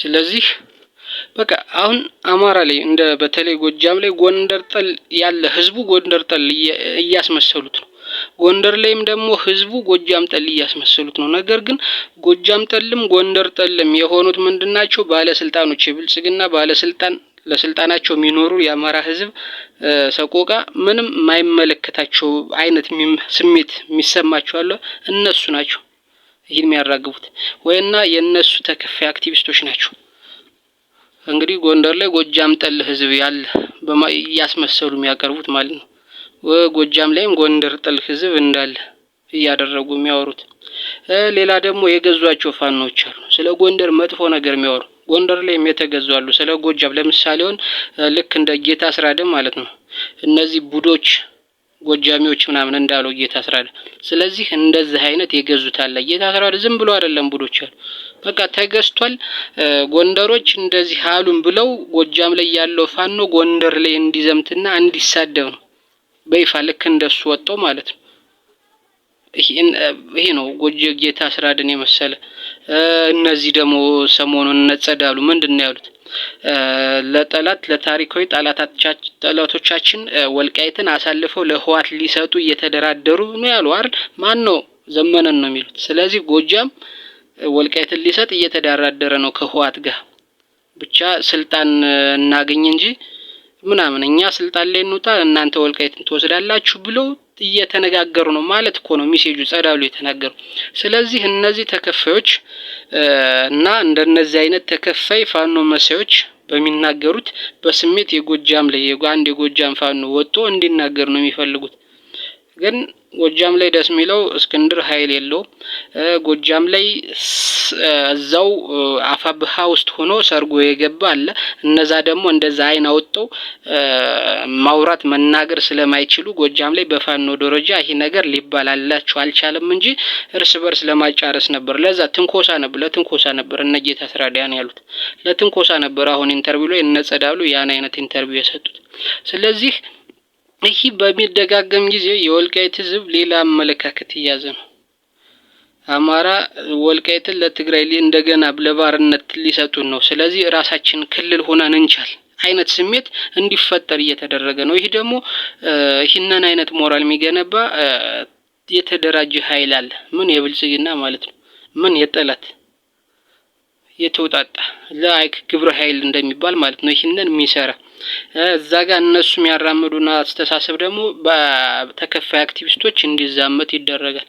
ስለዚህ በቃ አሁን አማራ ላይ እንደ በተለይ ጎጃም ላይ ጎንደር ጠል ያለ ህዝቡ ጎንደር ጠል እያስመሰሉት ነው። ጎንደር ላይም ደግሞ ህዝቡ ጎጃም ጠል እያስመሰሉት ነው። ነገር ግን ጎጃም ጠልም ጎንደር ጠልም የሆኑት ምንድን ናቸው? ባለስልጣኖች፣ የብልጽግና ባለስልጣን ለስልጣናቸው የሚኖሩ የአማራ ህዝብ ሰቆቃ ምንም ማይመለከታቸው አይነት ስሜት የሚሰማቸው አለ። እነሱ ናቸው ይህን የሚያራግቡት ወይና የእነሱ ተከፋይ አክቲቪስቶች ናቸው። እንግዲህ ጎንደር ላይ ጎጃም ጠል ህዝብ ያለ እያስመሰሉ የሚያቀርቡት ማለት ነው። ጎጃም ላይም ጎንደር ጠል ህዝብ እንዳለ እያደረጉ የሚያወሩት። ሌላ ደግሞ የገዟቸው ፋኖች አሉ፣ ስለ ጎንደር መጥፎ ነገር የሚያወሩ ጎንደር ላይም የተገዙ አሉ። ስለ ጎጃም ለምሳሌውን ልክ እንደ ጌታ አስራደ ማለት ነው እነዚህ ቡዶች ጎጃሚዎች ምናምን እንዳለው ጌታ አስራደ። ስለዚህ እንደዚህ አይነት የገዙታል ጌታ አስራደ ዝም ብሎ አይደለም ቡዶች አሉ። በቃ ተገዝቷል። ጎንደሮች እንደዚህ አሉም ብለው ጎጃም ላይ ያለው ፋኖ ጎንደር ላይ እንዲዘምትና እንዲሳደብ ነው በይፋ ልክ እንደሱ ወጣው ማለት ነው። ይሄ ነው ጎጆ ጌታ አስራደን የመሰለ እነዚህ ደግሞ ሰሞኑን እነጸዳሉ ምንድን ነው ያሉት? ለጠላት ለታሪካዊ ጠላቶቻችን ወልቃይትን አሳልፈው ለህዋት ሊሰጡ እየተደራደሩ ነው ያሉ አይደል? ማን ነው ዘመነን ነው የሚሉት። ስለዚህ ጎጃም ወልቃይትን ሊሰጥ እየተደራደረ ነው ከህዋት ጋር ብቻ ስልጣን እናገኝ እንጂ ምናምን እኛ ስልጣን ላይ እንውጣ እናንተ ወልቃይትን ትወስዳላችሁ ብለው እየተነጋገሩ ነው ማለት እኮ ነው ሚሴጁ ጸዳ ብሎ የተናገሩ። ስለዚህ እነዚህ ተከፋዮች እና እንደነዚህ አይነት ተከፋይ ፋኖ መሳዮች በሚናገሩት በስሜት የጎጃም ላይ አንድ የጎጃም ፋኖ ወጥቶ እንዲናገር ነው የሚፈልጉት። ግን ጎጃም ላይ ደስ የሚለው እስክንድር ኃይል የለውም። ጎጃም ላይ እዛው አፋብሃ ውስጥ ሆኖ ሰርጎ የገባ አለ። እነዛ ደግሞ እንደዛ አይን አውጥተው ማውራት መናገር ስለማይችሉ ጎጃም ላይ በፋኖ ደረጃ ይሄ ነገር ሊባላላቸው አልቻለም እንጂ እርስ በርስ ለማጫረስ ነበር። ለዛ ትንኮሳ ነበር፣ ለትንኮሳ ነበር እነ ጌታ ያሉት ለትንኮሳ ነበር። አሁን ኢንተርቪው ላይ እነ ጸዳሉ ያን አይነት ኢንተርቪው የሰጡት ስለዚህ ይህ በሚደጋገም ጊዜ የወልቃይት ህዝብ ሌላ አመለካከት እያዘ ነው። አማራ ወልቃይትን ለትግራይ እንደገና ለባርነት ሊሰጡን ነው፣ ስለዚህ ራሳችን ክልል ሆነን እንቻል አይነት ስሜት እንዲፈጠር እየተደረገ ነው። ይህ ደግሞ ይህንን አይነት ሞራል የሚገነባ የተደራጀ ኃይል አለ። ምን የብልጽግና ማለት ነው፣ ምን የጠላት የተውጣጣ ላይክ ግብረ ኃይል እንደሚባል ማለት ነው። ይህንን የሚሰራ እዛ ጋር እነሱ የሚያራምዱና አስተሳሰብ ደግሞ በተከፋይ አክቲቪስቶች እንዲዛመት ይደረጋል።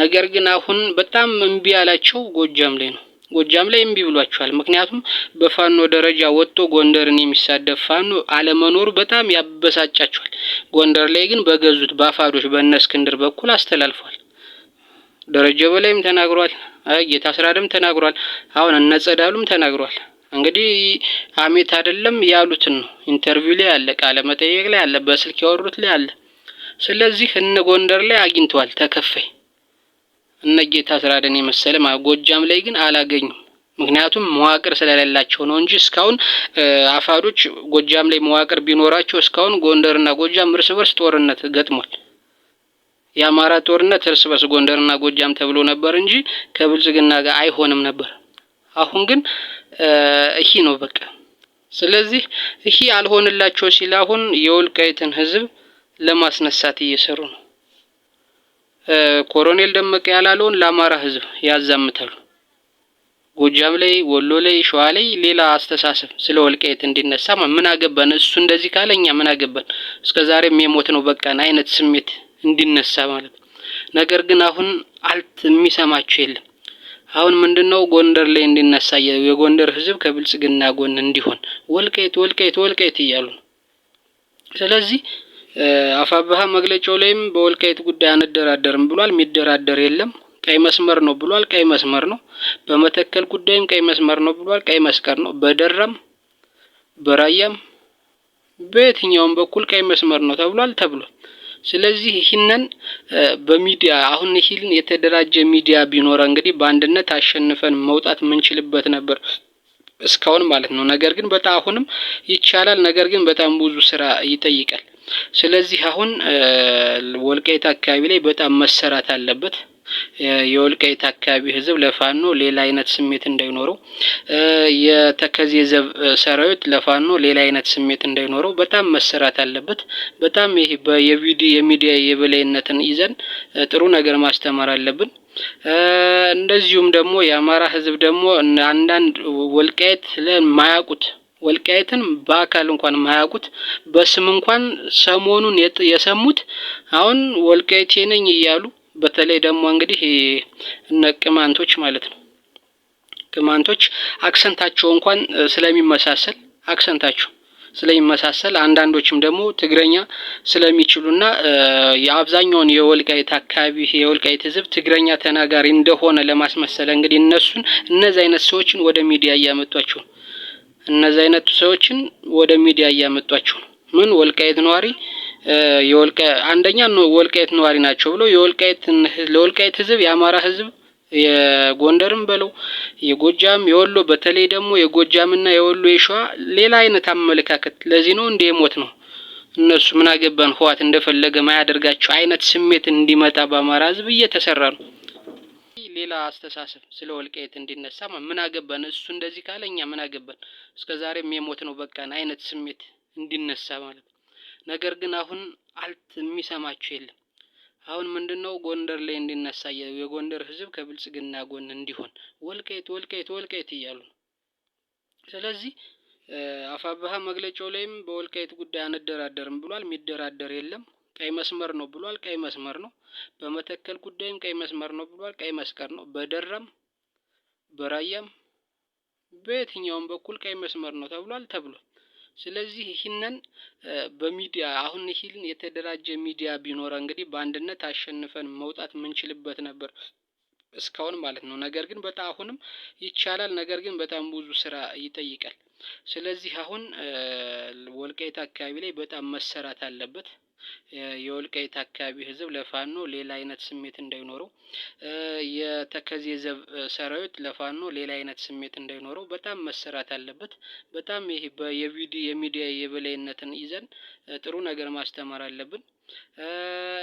ነገር ግን አሁን በጣም እምቢ ያላቸው ጎጃም ላይ ነው። ጎጃም ላይ እምቢ ብሏቸዋል። ምክንያቱም በፋኖ ደረጃ ወጥቶ ጎንደርን የሚሳደብ ፋኖ አለመኖሩ በጣም ያበሳጫቸዋል። ጎንደር ላይ ግን በገዙት በአፋዶች በእነ እስክንድር በኩል አስተላልፏል። ደረጀ በላይም ተናግሯል፣ ጌታ አስራርም ተናግሯል። አሁን እነ ተናግሯል። እንግዲህ ሀሜት አይደለም ያሉትን ነው። ኢንተርቪው ላይ አለ፣ ቃለ መጠየቅ ላይ አለ፣ በስልክ ያወሩት ላይ አለ። ስለዚህ እነ ጎንደር ላይ አግኝተዋል ተከፋይ እነ ጌታ ስራደን የመሰለ ጎጃም ላይ ግን አላገኙም። ምክንያቱም መዋቅር ስለሌላቸው ነው እንጂ እስካሁን አፋዶች ጎጃም ላይ መዋቅር ቢኖራቸው እስካሁን ጎንደርና ጎጃም እርስ በርስ ጦርነት ገጥሟል። የአማራ ጦርነት እርስ በርስ ጎንደርና ጎጃም ተብሎ ነበር እንጂ ከብልጽግና ጋር አይሆንም ነበር። አሁን ግን ይሄ ነው በቃ። ስለዚህ ይሄ አልሆንላቸው ሲል አሁን የወልቃይትን ህዝብ ለማስነሳት እየሰሩ ነው። ኮሎኔል ደመቀ ያላለውን ለአማራ ህዝብ ያዛምታሉ። ጎጃም ላይ፣ ወሎ ላይ፣ ሸዋ ላይ ሌላ አስተሳሰብ ስለ ወልቃይት እንዲነሳ ምን አገባን እሱ እንደዚህ ካለ እኛ ምን አገባን እስከዛሬም የሞት ነው በቃን አይነት ስሜት እንዲነሳ ማለት ነው። ነገር ግን አሁን አልት የሚሰማችሁ የለም። አሁን ምንድነው ጎንደር ላይ እንዲነሳ የጎንደር ህዝብ ከብልጽግና ጎን እንዲሆን ወልቀይት ወልቀይት ወልቀይት እያሉ ነው። ስለዚህ አፋብሃ መግለጫው ላይም በወልቃይት ጉዳይ አንደራደርም ብሏል። የሚደራደር የለም። ቀይ መስመር ነው ብሏል። ቀይ መስመር ነው። በመተከል ጉዳይም ቀይ መስመር ነው ብሏል። ቀይ መስቀር ነው። በደራም በራያም በየትኛውም በኩል ቀይ መስመር ነው ተብሏል ተብሏል። ስለዚህ ይህንን በሚዲያ አሁን ይህን የተደራጀ ሚዲያ ቢኖረ እንግዲህ በአንድነት አሸንፈን መውጣት የምንችልበት ነበር እስካሁን ማለት ነው። ነገር ግን በጣም አሁንም ይቻላል። ነገር ግን በጣም ብዙ ስራ ይጠይቃል። ስለዚህ አሁን ወልቃይት አካባቢ ላይ በጣም መሰራት አለበት። የወልቃይት አካባቢ ህዝብ ለፋኖ ሌላ አይነት ስሜት እንዳይኖረው፣ የተከዜ ዘብ ሰራዊት ለፋኖ ሌላ አይነት ስሜት እንዳይኖረው በጣም መሰራት አለበት። በጣም ይሄ የሚዲያ የበላይነትን ይዘን ጥሩ ነገር ማስተማር አለብን። እንደዚሁም ደግሞ የአማራ ህዝብ ደግሞ አንዳንድ ወልቃይት ለማያውቁት ወልቃይትን በአካል እንኳን ማያውቁት በስም እንኳን ሰሞኑን የሰሙት አሁን ወልቃይቴ ነኝ እያሉ በተለይ ደግሞ እንግዲህ እነ ቅማንቶች ማለት ነው። ቅማንቶች አክሰንታቸው እንኳን ስለሚመሳሰል አክሰንታቸው ስለሚመሳሰል አንዳንዶችም ደግሞ ትግረኛ ስለሚችሉና የአብዛኛውን የወልቃይት አካባቢ የወልቃይት ሕዝብ ትግረኛ ተናጋሪ እንደሆነ ለማስመሰል እንግዲህ እነሱን እነዚህ አይነት ሰዎችን ወደ ሚዲያ እያመጧቸው ነው። እነዚህ አይነት ሰዎችን ወደ ሚዲያ እያመጧቸው ነው። ምን ወልቃይት ነዋሪ የወልቃ አንደኛ ነው ወልቃየት ነዋሪ ናቸው ብሎ የወልቃየት ለወልቃይት ህዝብ የአማራ ህዝብ የጎንደርም በለው የጎጃም የወሎ በተለይ ደግሞ የጎጃምና የወሎ የሸዋ ሌላ አይነት አመለካከት ለዚህ ነው እንደ ሞት ነው እነሱ ምን አገባን ህዋት እንደፈለገ ማያደርጋቸው አይነት ስሜት እንዲመጣ በአማራ ህዝብ እየተሰራ ነው። ሌላ አስተሳሰብ ስለ ወልቃይት እንዲነሳ ምን አገባን እሱ እንደዚህ ካለ እኛ ምን አገባን እስከዛሬም የሞት ነው በቃን አይነት ስሜት እንዲነሳ ማለት ነው። ነገር ግን አሁን አልት የሚሰማችሁ የለም። አሁን ምንድነው ጎንደር ላይ እንዲነሳ የጎንደር ህዝብ ከብልጽግና ጎን እንዲሆን ወልቃይት ወልቃይት ወልቃይት እያሉ ነው። ስለዚህ አፋብሃ መግለጫው ላይም በወልቃይት ጉዳይ አንደራደርም ብሏል። የሚደራደር የለም። ቀይ መስመር ነው ብሏል። ቀይ መስመር ነው። በመተከል ጉዳይም ቀይ መስመር ነው ብሏል። ቀይ መስቀል ነው። በደራም በራያም በየትኛውም በኩል ቀይ መስመር ነው ተብሏል ተብሏል። ስለዚህ ይህንን በሚዲያ አሁን ይህን የተደራጀ ሚዲያ ቢኖረ እንግዲህ በአንድነት አሸንፈን መውጣት የምንችልበት ነበር እስካሁን ማለት ነው። ነገር ግን በጣም አሁንም ይቻላል። ነገር ግን በጣም ብዙ ስራ ይጠይቃል። ስለዚህ አሁን ወልቃይት አካባቢ ላይ በጣም መሰራት አለበት። የወልቃይት አካባቢ ህዝብ ለፋኖ ሌላ አይነት ስሜት እንዳይኖረው የተከዜ ሰራዊት ለፋኖ ሌላ አይነት ስሜት እንዳይኖረው በጣም መሰራት አለበት። በጣም ይሄ የሚዲያ የበላይነትን ይዘን ጥሩ ነገር ማስተማር አለብን።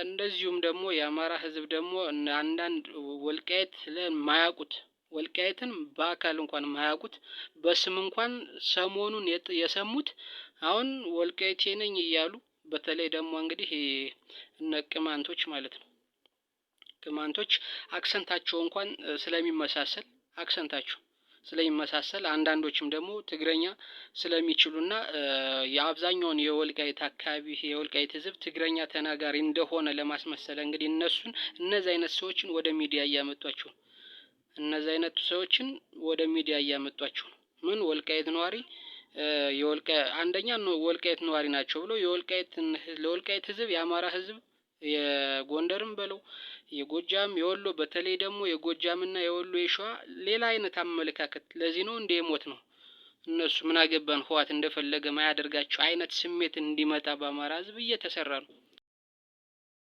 እንደዚሁም ደግሞ የአማራ ህዝብ ደግሞ አንዳንድ ወልቃይት ለማያውቁት ወልቃይትን በአካል እንኳን ማያቁት በስም እንኳን ሰሞኑን የሰሙት አሁን ወልቃይቴ ነኝ እያሉ በተለይ ደግሞ እንግዲህ እነ ቅማንቶች ማለት ነው። ቅማንቶች አክሰንታቸው እንኳን ስለሚመሳሰል አክሰንታቸው ስለሚመሳሰል አንዳንዶችም ደግሞ ትግረኛ ስለሚችሉና የአብዛኛውን የወልቃይት አካባቢ የወልቃይት ሕዝብ ትግረኛ ተናጋሪ እንደሆነ ለማስመሰል እንግዲህ እነሱን እነዚህ አይነት ሰዎችን ወደ ሚዲያ እያመጧቸው ነው። እነዚህ አይነቱ ሰዎችን ወደ ሚዲያ እያመጧቸው ነው። ምን ወልቃይት ነዋሪ የወልቃ አንደኛ ወልቃይት ነዋሪ ናቸው ብሎ የወልቃይትን ለወልቃይት ህዝብ የአማራ ህዝብ የጎንደርም በለው የጎጃም የወሎ በተለይ ደግሞ የጎጃምና የወሎ የሸዋ ሌላ አይነት አመለካከት ለዚህ ነው እንደ ሞት ነው እነሱ ምን አገባን ህዋት እንደፈለገ ማያደርጋቸው አይነት ስሜት እንዲመጣ በአማራ ህዝብ እየተሰራ ነው